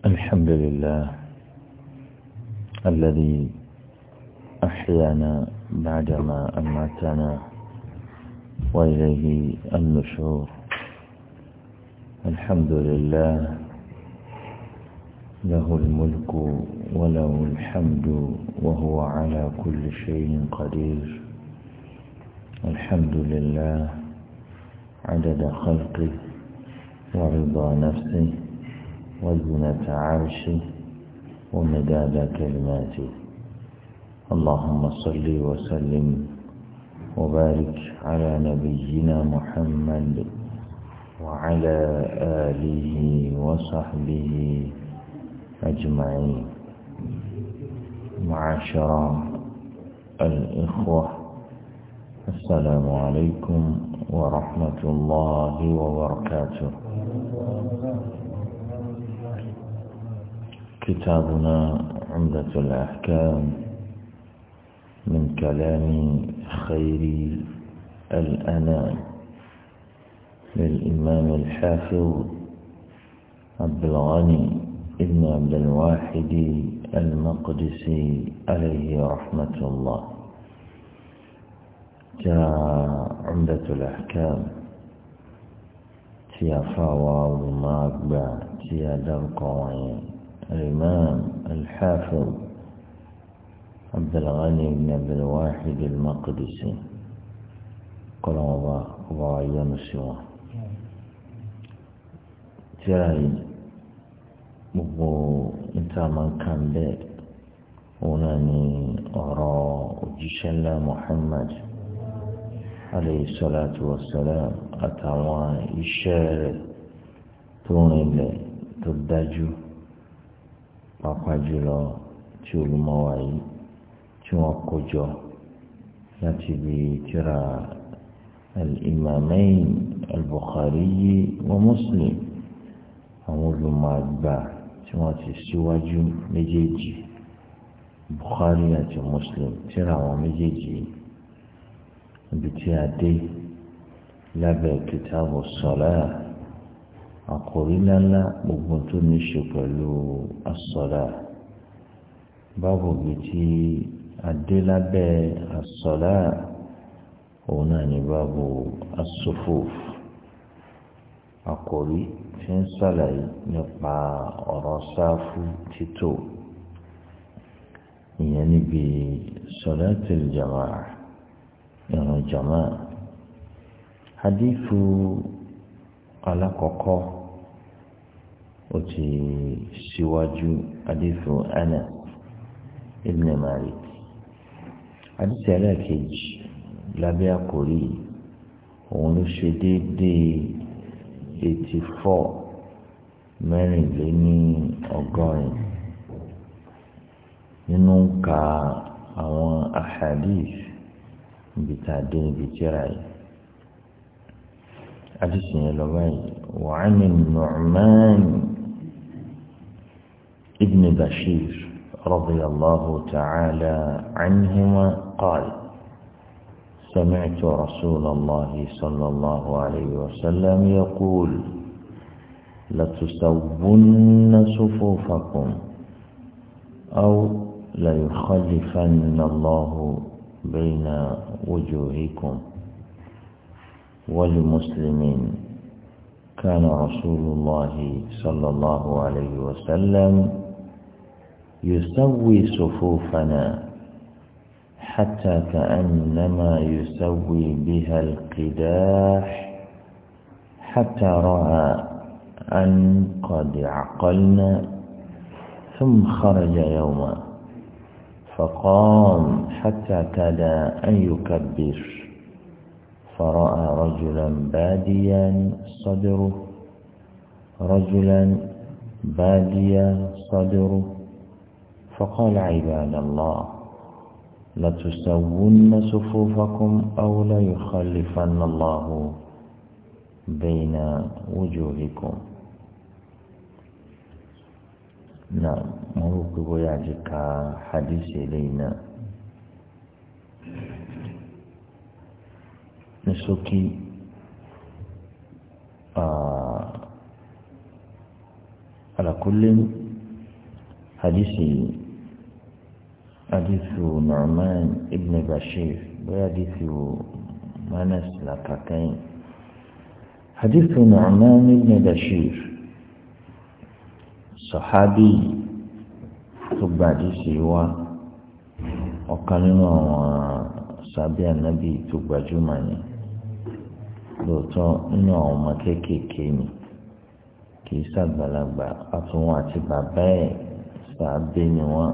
الحمد لله الذي أحيانا بعدما أماتنا وإليه النشور الحمد لله له الملك وله الحمد وهو على كل شيء قدير الحمد لله عدد خلقه ورضا نفسه وزنة عرشه ومداد كلماته اللهم صل وسلم وبارك على نبينا محمد وعلى آله وصحبه أجمعين معاشر الإخوة السلام عليكم ورحمة الله وبركاته كتابنا عمدة الأحكام من كلام خير الأنام للإمام الحافظ عبد الغني ابن عبد الواحد المقدسي عليه رحمة الله جاء عمدة الأحكام تيافا أكبر تيادا القوانين الإمام الحافظ عبد الغني بن عبد الواحد المقدسي قال الله الله أيام السوا تراي مبو انت من كان به وناني أرى جشلا محمد عليه الصلاة والسلام أتوا إشارة توني تدجو pàápàá jùlọ tí olùmọ̀ wa yìí tí wọ́n kó jọ láti bí tírà al-imamain al-bukhari wa muslim àwọn olùmọ̀ àgbà tí wọ́n ti síwájú méjèèjì bukhari àti muslim tírà àwọn méjèèjì ibi tí a dé lábẹ́ kìtàbù sọ̀lá àkòrí ńláńlá gbogbo tó ní ṣe pẹ̀lú asọ̀lá báwo bí ti adélábẹ́ asọ̀lá òun náà ní báwo asòfò àkòrí tí ń sàlàyé nípa ọ̀rọ̀ sáfù títò ìyẹn níbi sọ̀láàtì jàmáà ìrun jàmáà hadithu alákọ̀ọ́kọ́ ó ti ṣíwájú adéfò Anas ibn Malik adéfò ẹlẹ́ẹ̀kejì lábẹ́ àkórí òun ló ṣe déédéé eighty four mẹ́rìnléní ọgọ́rin nínú ka àwọn ahadith ibi tá a dé ibi tíra yìí. حديثنا يلوي وعن النعمان ابن بشير رضي الله تعالى عنهما قال سمعت رسول الله صلى الله عليه وسلم يقول لتسوون صفوفكم أو ليخلفن الله بين وجوهكم والمسلمين كان رسول الله صلى الله عليه وسلم يسوي صفوفنا حتى كأنما يسوي بها القداح حتى رأى أن قد عقلنا ثم خرج يوما فقام حتى كاد أن يكبر فرأى رجلا باديا صدره رجلا باديا صدره فقال عباد الله لتسون صفوفكم أو ليخلفن الله بين وجوهكم نعم مروك يعجك حديث إلينا ní ṣókí àlàkúlé hadisi hadisi Nu'man ibn Bashir bóyá hadisi Manas làkàkẹ́yìn hadisi Nu'man ibn Bashir sọ̀hábì tó gba hadisi wa ọ̀kan nínú àwọn sàbí ànábì tó gbajúmọ̀ yẹn lóòótọ́ nínú àwọn ọmọ kéékèèké ni kì í ṣàgbàlagbà àtúnwọ̀n àti bàbá ẹ̀ sàábé ni wọ́n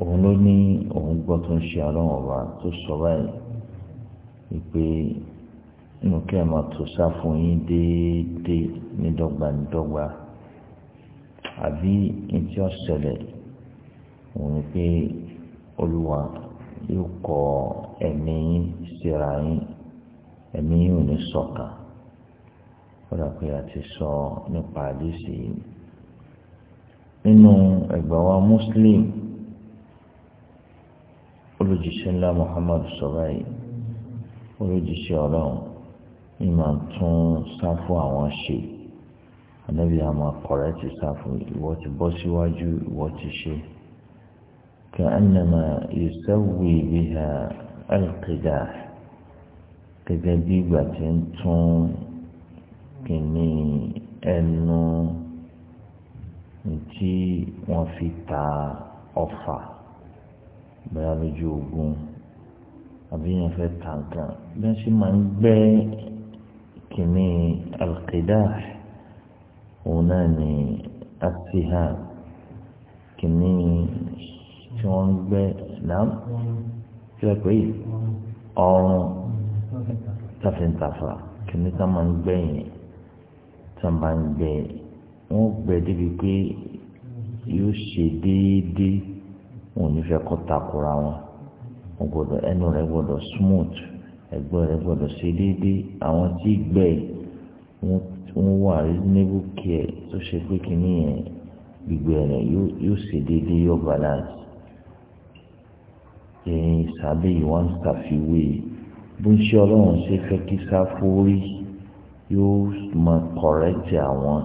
òun ló ní òun gbọ́ tó ń ṣe ọlọ́run ọba tó sọ báyìí wípé inú kí ẹ máa tò sáfún yín déédéé ní dọ́gba ní dọ́gba àbí etí ọ̀sẹ̀lẹ̀ òun pé olúwa yóò kọ ẹ̀mí yín síra yín ẹ̀mí yìí ò ní sọ̀kan kódà pé a ti sọ nípa àdìsí nínú ẹgbà wa muslim olùjíṣẹ́ ńlá muhammadu sọ̀rọ̀ yìí olùjíṣẹ́ ọlọ́run yìí máa tún sáfù àwọn ṣe ànábì àmọ́ kọ̀rẹ́ ti sáfù ìwọ ti bọ́ síwájú ìwọ ti ṣe kí annama yusawwi biha alqidah gẹ́gẹ́ bí ìgbà tí ń tún kìíní ẹnu tí wọ́n fi ta ọfà bẹ́ẹ̀ lójú ogun àbí yẹn fẹ́ nǹkan bí wọ́n sì máa ń gbẹ́ kìíní alqidah òun náà ní asiha kìíní tí wọ́n ń gbẹ́ náà kí lè pè é ọrùn tàfẹ́ntàfà kìíní tá máa ń gbẹ̀yìn tá máa ń gbẹ wọ́n gbẹ débi pé yóò ṣe déédéé wọn ò ní fẹ́ kọ́ takora wọn wọn gbọ́dọ̀ ẹnu rẹ̀ gbọ́dọ̀ smooth ẹgbẹ́ rẹ̀ gbọ́dọ̀ ṣe déédéé àwọn tí gbẹ wọn wà níbù kíẹ tó ṣe pé kìíní yẹn gbígbẹ rẹ̀ yóò ṣe déédéé yóò balance ẹ̀yin sábẹ́ yìí wọ́n ń ṣàfiwé yìí bó ń ṣe ọlọ́run ṣe fẹ́ kí sáfù rí yóò mọ kọ̀rẹ́tì àwọn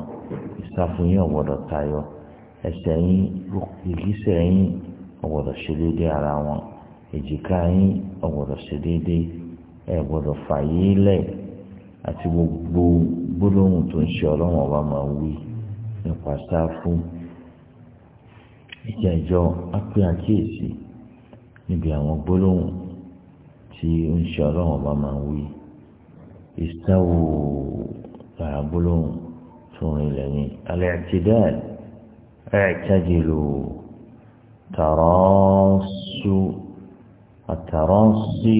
ìsáfù yín ọ̀gbọ́dọ̀ tayọ ẹsẹ̀ yín ìgbésẹ̀ yín ọ̀gbọ́dọ̀ ṣe déédé ara wọn èjìká yín ọ̀gbọ́dọ̀ ṣe déédé ẹ gbọ́dọ̀ fààyè lẹ̀ àti gbogbo gbólóhùn tó ń ṣe ọlọ́run ọba máa wí nípa sáfù ìjà ìjọ àkíyèsí níbi àwọn gbólóhùn tí ó ń ṣe ọlọ́run ọba máa ń wí ìsítáwò lára gbólóhùn tó rìn lẹ́yìn alẹ́ àti dáàd ẹ̀ẹ́dájìlò tàrọ́ọ̀sù àtàrọ́ọ̀sì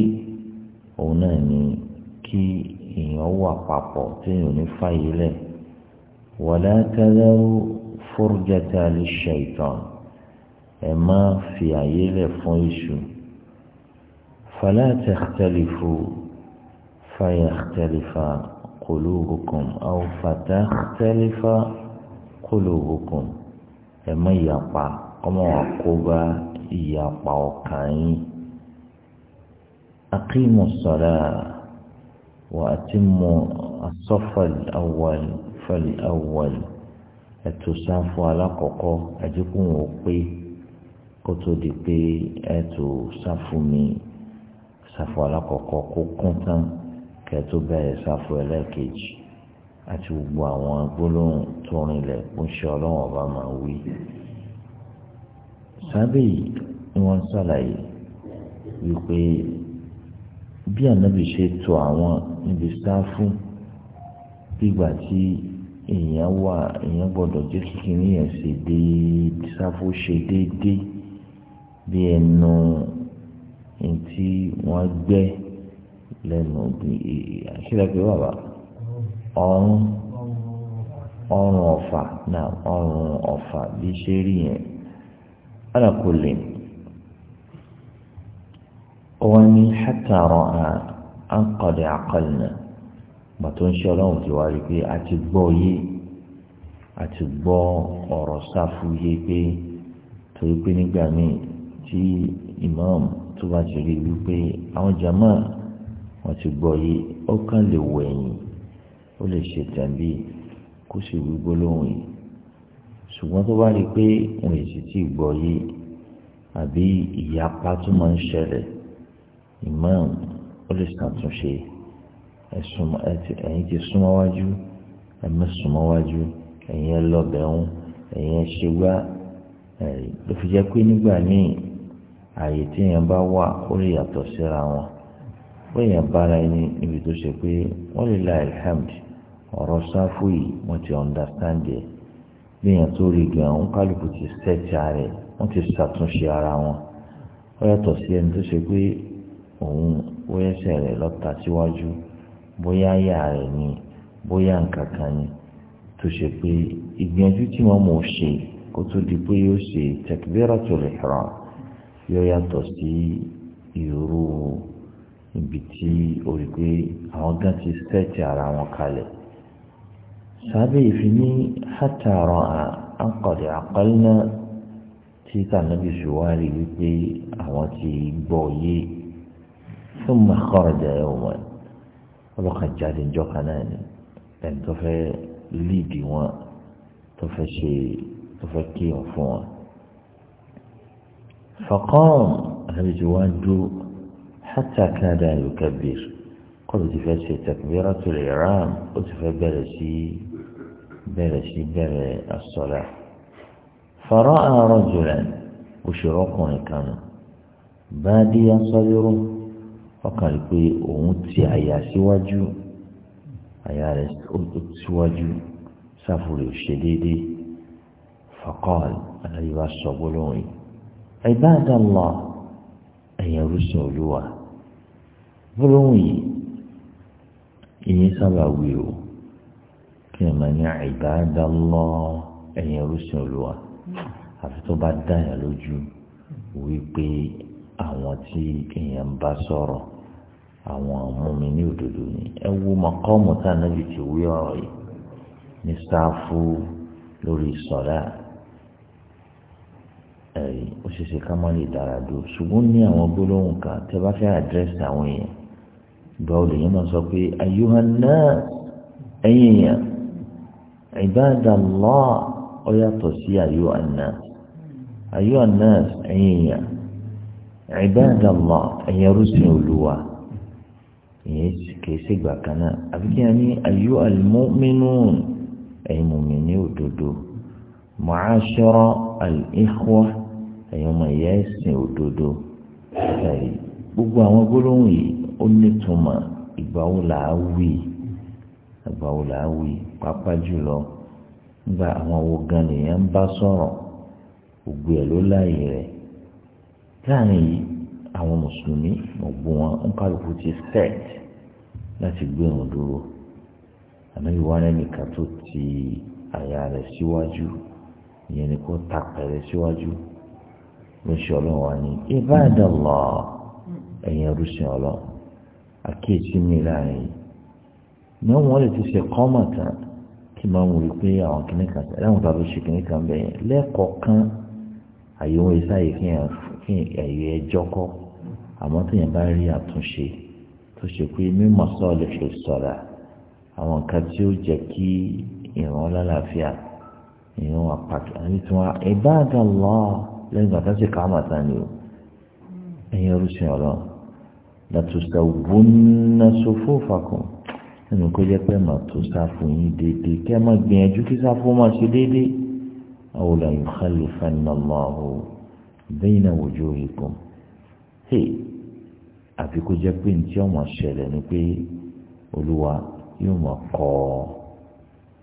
òun náà ni kí èèyàn wà papọ̀ téèyàn ní fàyè lẹ̀ wala tadaru furjata lish-shaytan ẹ̀ má fi àyè lẹ̀ fún èṣù. فلا تختلفوا فيختلف قلوبكم أو فتختلف قلوبكم ẹmọ ìyapa ọmọ àkóbá ìyapa ọkàn yín aqimu sọlá wà á ti mú asọfàlì awàlì fàlì awàlì ẹtù sáfù alákọ̀ọ́kọ́ àdínkù wọn pé kó tó di pé ẹtù sáfù mi sáfù alákọ̀ọ́kọ́ kó kún tán kẹ́ tó bẹ̀rẹ̀ sáfù ẹlẹ́ẹ̀kejì àti gbogbo àwọn gbólóhùn tó rinlẹ̀ kó ń ṣe ọlọ́wọ́n ọba máa wí. sábẹ́ yìí ni wọ́n ṣàlàyé wípé bí ànábì ṣe tò àwọn níbi sáfù gbígbà tí èèyàn wà èèyàn gbọ́dọ̀ jẹ́ kíkiri yẹn ṣe déédéé sáfù ṣe déédéé bí ẹnu. No, ntí wọ́n gbẹ́ lẹ́nu àṣírẹ́pẹ́ bàbá ọrùn ọrùn ọ̀fà náà ọrùn ọ̀fà bí ṣe rí yẹn alákòlè wọ́n ní hátàrọ̀ àǹkọ̀dẹ̀ àkọlẹ̀ gbàtó ń ṣe ọlọ́run ti wá rí pé a ti gbọ́ yé a ti gbọ́ ọ̀rọ̀ sáfù yé pé torí pé nígbà míì tí imam tó bá ti rí wípé àwọn jama wọn ti gbọ́ yìí ó kàn lè wọ ẹ̀yìn ó lè ṣe tàbí kó sì wí gbólóhùn yìí ṣùgbọ́n tó bá rí i pé wọn èsì tí gbọ́ yìí àbí ìyapa tó máa ń ṣẹlẹ̀ imam ó lè ṣàtúnṣe ẹ̀yin ti súnmọ́ wájú ẹ̀mí súnmọ́ wájú ẹ̀yin ẹ ẹ̀yin ẹ ṣe ló fi jẹ́ pé nígbà míì àyè tí èèyàn bá wà ó lè yàtọ̀ síra wọn ó èèyàn bára ẹni níbi tó ṣe pé wọ́n lè la alhamd ọ̀rọ̀ sáfù yìí wọ́n ti understand ẹ̀ bí èèyàn tó rí gan òun kálukú ti sẹ́ẹ̀tì ààrẹ wọ́n ti ṣàtúnṣe ara wọn ó yàtọ̀ sí ẹni tó ṣe pé òun wẹ́sẹ̀ rẹ̀ lọ́ta síwájú bóyá ayà rẹ̀ ni bóyá nǹkan ni tó ṣe pé ìgbìyànjú tí wọ́n mọ̀ ṣe kó tó di pé yóò ṣe takbiratul ihram yóò yàtọ̀ sí irú ibi tí o rí pé àwọn gan ti sẹ́ẹ̀tì ara wọn kalẹ̀ sábẹ́ ìfi ní hátàrọ̀ àkọlẹ̀ àkọlẹ̀ tí tànàbí ṣùwárí wípé àwọn ti gbọ́ yé fún mọ́kànlá ẹ̀wọ̀n ọlọ́kàn jáde ńjọ́ kan náà ni ẹni tó fẹ́ líìdì wọn tó fẹ́ ṣe tó fẹ́ kí fún wọn fọkàn ànábì tí wọ́n dúró hátà kádà yukabir kọ́lù ti fẹ́ ṣe takbiratul ihram ó ti fẹ́ bẹ̀rẹ̀ sí bẹ̀rẹ̀ sí bẹ̀rẹ̀ as-salah fara'a rajulan òṣèré ọkùnrin kan nù báàdì asọ́lérò ọkàn rí òun ti àyà síwájú àyà rẹ̀ síwájú sáfù rẹ̀ ò ṣe déédéé faqal aláyé wa sọ gbólóhùn Ibadallah ẹ̀yẹ rúṣin olúwa gbólóhùn yìí ìyẹn sábà wí o kí ẹ máa ní Ibadallah ẹ̀yẹ rúṣin olúwa àfi tó bá dá yẹn lójú wípé àwọn tí èèyàn bá sọ̀rọ̀ àwọn mùmínì ní òdodo ni ẹ wo mọ̀kọ́mù tá a nábì ti wí ọ̀rọ̀ yìí ní sáfù lórí sọ̀rọ̀ ẹ̀rí ó ṣe ṣe ká má lè dára dúró ṣùgbọ́n ní àwọn gbólóhùn kan tẹ́ bá fẹ́ àdírẹ́sì àwọn èèyàn ìgbà olè yẹn máa sọ pé ayuhanna ẹ̀yìn èèyàn ibadallah ó yàtọ̀ sí ayuhanna ayuhanna ẹ̀yìn èèyàn ibadallah ẹ̀yìn rúṣin olúwa ìyẹn kìí ṣègbà kan náà àbí kí wọ́n ní ayyuhal mu'minun ẹ̀yìn mùmínì òdodo ma'ashara al-ikhwa ẹ̀yin ọmọ ìyá ẹ̀sìn òdodo ẹ̀rí gbogbo àwọn gbólóhùn yìí ó nítumọ̀ ìgbà wo là á wí ìgbà wo là á wí pápá jùlọ nígbà àwọn wo gan nìyẹn ń bá sọ̀rọ̀ gbogbo ẹ̀ ló láàyè rẹ̀ láàrin yìí àwọn mùsùlùmí gbogbo wọn ń kálukú ti sẹ́ẹ̀tì láti gbé wọn dúró ànábi wọn ẹnìkan tó ti àyà rẹ̀ síwájú ìyẹn ni kò tàpẹ̀rẹ̀ síwájú. Si oṣù ọlọ́wọ́ ni ìbádọ́lọ́ ẹ̀yìn ọdúnṣin ọlọ́ àkíyèsí mi láàrin yìí ní wọ́n lè ti ṣe kọ́mọ̀ tán kí máa ń wòye pé àwọn kìnnìkan ẹ̀rọ tàbí ṣe kìnnìkan bẹ́ẹ̀ lẹ́ẹ̀kọ̀ọ̀kan àyẹ̀wò ìsáyè fi hàn fi ẹ̀yẹ ẹjọ́ kọ́ àmọ́ téèyàn bá rí àtúnṣe tó ṣe pé mímọ̀ sọ́ọ̀lì fi sọ̀ra àwọn nǹkan tí ó jẹ́ kí ìran lálàáfíà ìran àpàtà àti tiwọn ìbádọ́lọ́ lẹ́yìn bàtà sí kàámà tán ni o ẹ̀yin ọlọ́sìn ọlọ́run làtúnṣe ògbóná ṣòfò fàkùn nínú kó jẹ́ pé mà tó sáfù yín déédéé kí ẹ má gbìyànjú kí sáfù má ṣe déédéé àwọn olùyàwó xalè fanilọ́ọ̀hù bẹ́yìn náà wòjú ìkùn hé àfi kó jẹ́ pé ntí ọmọ ṣẹlẹ̀ ni pé olúwa yóò mọ̀ kọ́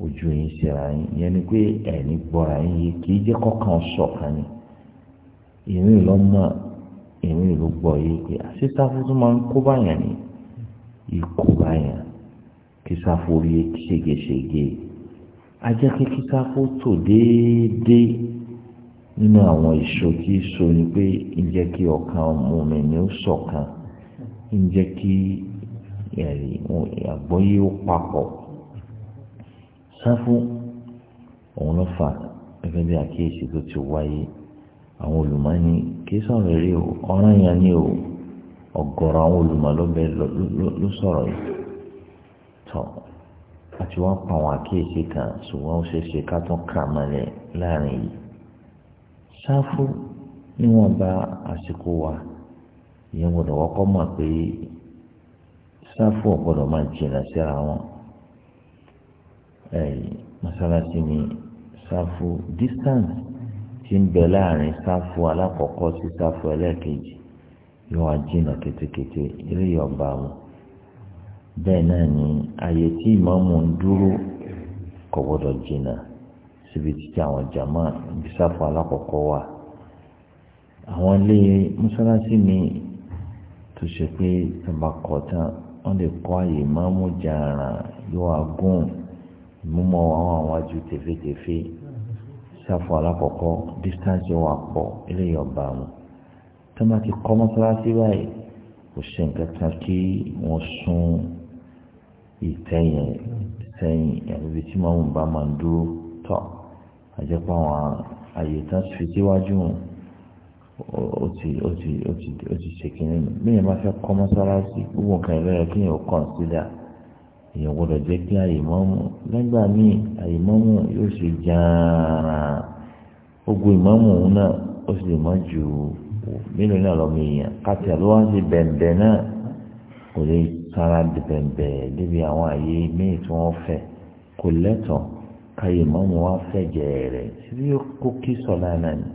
ojú yín ṣẹlẹ̀ yín yẹn ni pé ẹ̀ ní gbọ́ra yín yìí kì í jẹ́ kọ́kàn sọ̀kan ni ìrìn lọ́mọ ìrìn ló gbọ́ yìí pé àṣìṣàfù tó máa ń kó báyàn ni ikú báyàn kí sáfù orí ṣègeṣège ajẹ́ pé kí sáfù tò déédéé nínú àwọn ìṣó tí ìṣó ni pé ń jẹ́ kí ọkàn ọmọ mi ní ó ṣọ̀kan ń jẹ́ kí àgbọ́yé ó papọ̀ sáfù òun ló fà gẹ́gẹ́ bí àkíyèsí tó ti wáyé àwọn olùmọ̀ ní kí sọ̀rọ̀ eré o ọ̀ràn yẹn ni o ọ̀gọ̀rọ̀ àwọn olùmọ̀ ló bẹ ló sọ̀rọ̀ yìí tọ̀ àti wọ́n pa àwọn àkíyèsí kan ṣùgbọ́n ó ṣe é ṣe ká tún kà mọ́lẹ̀ láàrin yìí ṣáfù níwọ̀nba àsìkò wa ìyẹn gbọ́dọ̀ wọ́kọ́ mọ̀ pé ṣáfù ọ̀gbọ́dọ̀ máa jìnnà síra wọn ẹ̀yìn mọ́sálásí ni ṣáfù distance tí ń bẹ láàrin sáfù alákọ̀ọ́kọ́ sí sáfù ẹlẹ́ẹ̀kejì yóò wá jìnnà kétékété eré ọba o bẹ́ẹ̀ náà ni ààyè tí ìmáàmù ń dúró kò gbọ́dọ̀ jìnnà síbi títí àwọn jàmá ibi sáfù alákọ̀ọ́kọ́ wà àwọn ilé mọ́sálásí ni tó ṣe pé tọba kọ̀ tán wọ́n lè kọ́ ààyè ìmáàmù jàrà yóò wá gùn ìmúmọ́ àwọn àwájú tẹ̀fẹ́tẹ̀fẹ́ ṣàfù alákọ̀ọ́kọ́ distance wà pọ̀ eléyìí ọba wọn tó má ti kọ́ mọ́sálásí báyìí kò ṣe nǹkan kan kí wọ́n sún ìtẹ̀yìn sẹ́yìn àbíbi tí màmú bá máa ń dúró tọ̀ àjẹpọ̀ àwọn àyè tán fi síwájú ó ti ó ti ó ti ó ti ṣèkínní mi ìyẹn bá fẹ́ kọ́ mọ́sálásí gbogbo nǹkan ìlera kí èèyàn kàn sílẹ̀ èèyàn gbọ́dọ̀ jẹ́ kí àyèmọ́mù lẹ́gbà míì àyèmọ́mù yóò ṣe jàǹrà ogun ìmọ̀mù òun náà ó sì lè mọ́ ju mélòó náà lọ́mọ èèyàn káti àlọ́wọ́ ṣe bẹ̀m̀bẹ̀ náà kò lè sára bẹ̀m̀bẹ̀ débi àwọn àyè míì tí wọ́n fẹ́ kò lẹ́tọ̀ọ́ káyè mọ́mù wá fẹ́ jẹ̀ẹ̀rẹ̀ síbí kó kí sọ̀lá náà ni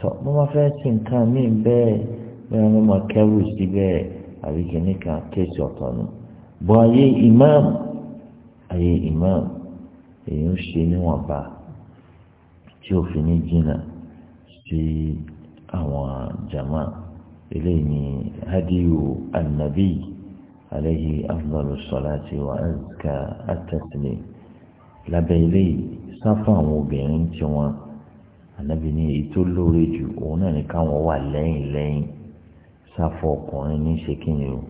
tọ́ mo máa fẹ́ ṣe nǹkan míì bẹ́ẹ̀ bẹ́ẹ̀ mo máa kẹ́rù sí bẹ́ẹ̀ àbí kìnnìkan kéèsì ọ̀tọ̀ nù bọ́ ayé imam ayé imam èyí ń ṣe níwọ̀nba tí òfin ní jìnnà sí àwọn jama eléyìí ni hadiyu anabi aleyhi afdalu salati wa azka atasile lábẹ́ eléyìí sáfà àwọn obìnrin tí wọ́n anabi ní èyí tó lóore jù òun náà ní káwọn wà lẹ́yìn lẹ́yìn sáfà ọkùnrin ní ṣèkínni o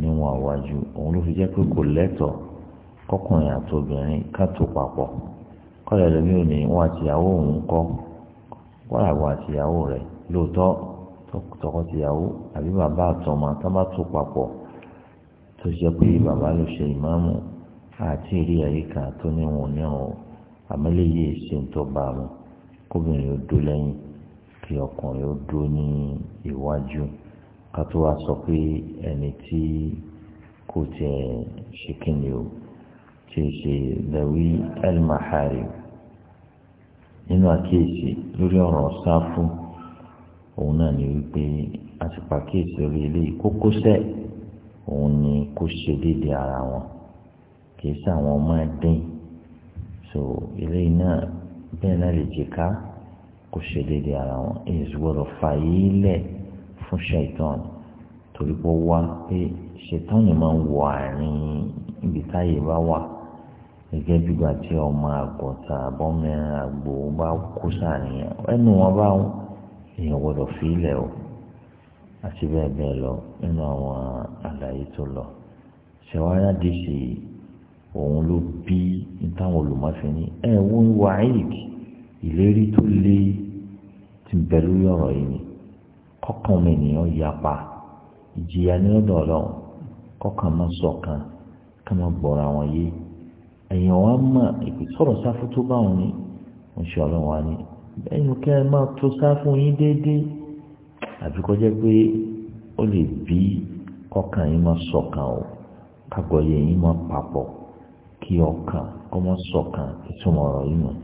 níwọ̀n àwájú òun ló fi jẹ́ pé kò lẹ́tọ̀ọ́ kọkùnrin àti obìnrin ká tó papọ̀ kọ́lẹ̀ lómi ò ní wọn àtìyàwó òun kọ́ wọ́n àwọ̀ àtìyàwó rẹ̀ lóòótọ́ tọkọtìyàwó àbí bàbá àtọmọ tábà tó papọ̀ tó ṣe pé bàbá ló ṣe ìmáàmù àti ìrí àyíká tó níwọ̀n níwọ̀n àmọ́lẹ́yẹ ṣe ń tọ́ bá kóbìnrin ó dó lẹ́yìn kí ọkùnrin ó dó ní iwájú ká tó wá sọ pé ẹni tí kò tiẹ̀ ṣe kíni o tí ì ṣe lẹ́wí ẹlmahari nínú àkíyèsí lórí ọ̀rọ̀ sáfù òun náà ni wípé àtìpà kíyèsí orí eléyìí kókósẹ̀ òun ni kó ṣe déédé ara wọn kìí sí àwọn máa dín so eléyìí náà bẹ́ẹ̀ náà lè jìká kó ṣe déédé ara wọn èyí sì gbọ́dọ̀ fààyè lẹ̀ fún ṣètọ́n torí pé ó wá pé ṣètọ́n yẹn máa ń wọ àárín ibi táyé bá wà gẹ́gẹ́ bí ìgbà tí ọmọ àgọ́ta abọ́mẹ́rin àgbò bá kó sáàrin ẹnu wọn bá èèyàn gbọ́dọ̀ fi ilẹ̀ o àti bẹ́ẹ̀ bẹ́ẹ̀ lọ nínú àwọn àlàyé tó lọ ṣẹ̀wáyà dèṣe òun ló bí táwọn olùmọ̀fẹ́ ní ẹ̀ wọ́n wá ìlérí tó lé ti bẹ̀rù yìí kọ́kàn mi nìyẹn yapa ìjìyà ní ọ̀dọ̀ ọlọ́run kọ́kàn máa ṣọ̀kan ká máa gbọ́ra wọn yé èèyàn wa mọ̀ ìpè sọ̀rọ̀ sáfù tó bá wọn ni wọ́n ṣe ọlọ́run wa ni ẹ̀yin kẹ́ ẹ máa tó sáfù yín déédéé àbí kọjá pé ó lè bí kọ́kàn yín máa ṣọ̀kan o kágbọ́yé yín máa papọ̀ kí ọkàn kọ́ máa ṣọ̀kan ìtumọ̀ yìí mọ̀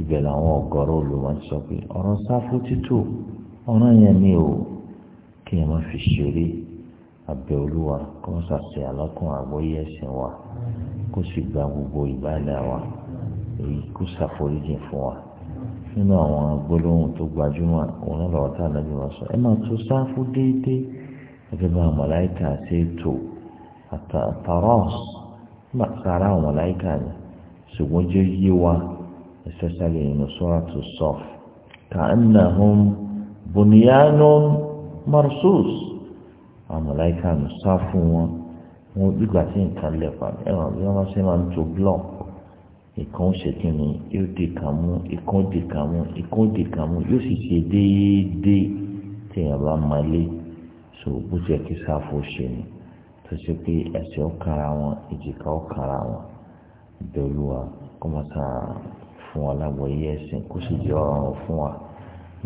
ibẹ̀ làwọn ọ̀gọ́rọ̀ olùwọ́n sọ pé ọ̀rọ̀ sáfù títò ọ̀ràn yẹn ni o kí ẹ má fi ṣeré abẹ́ olúwa kó má ṣàṣe alákùn àgbọ́yé ẹ̀sìn wa kó sì gba gbogbo ìbádà wa èyí kó ṣàforíjì fún wa nínú àwọn gbólóhùn tó gbajúmọ̀ òun náà lọ́wọ́ tá a lọ́jọ́ wa sọ ẹ máa tó sáfù déédéé ẹgbẹ́ bá màláìkà ṣe tó àtàrọ́ọ̀sì sára àwọn màláìkà ni ṣùgbọ́n jẹ́ yé wa especially in Suratu Saf ka'annahum bùnìyànú marsus àwọn mọ̀láìkà ń sá fún wọn wọn gbígbà tí nǹkan lẹ̀ pa ẹ̀wọ̀n bí wọ́n ṣe máa ń to block ìkan ó ṣe kí ni yóò di kàn mú ìkan ó di kàn mú ìkan ó di kàn mú yóò sì ṣe déédéé tí èèyàn bá máa lé so bó jẹ́ kí sáfù ṣe ni tó ṣe pé ẹsẹ̀ ọ̀kara wọn èjìká ọ̀kara wọn ìbẹ̀rù wa fún wa lágbọ̀ọ́yé ẹ̀sìn kó sì jẹ́ ọ̀rọ̀ fún wa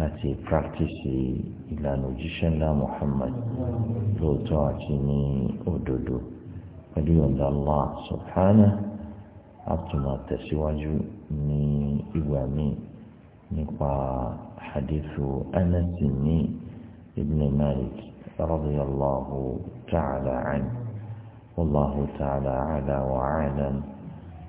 láti practice ìlànà òjíṣẹ́ ńlá Muhammad lóòótọ́ àti ní òdodo pẹ̀lú ọ̀dà Allah subhana àtúmọ̀ tẹ̀síwájú ní ìgbà míì nípa hadithu Anas ní ibn Malik radiyallahu ta'ala anhu wallahu ta'ala ala wa alam.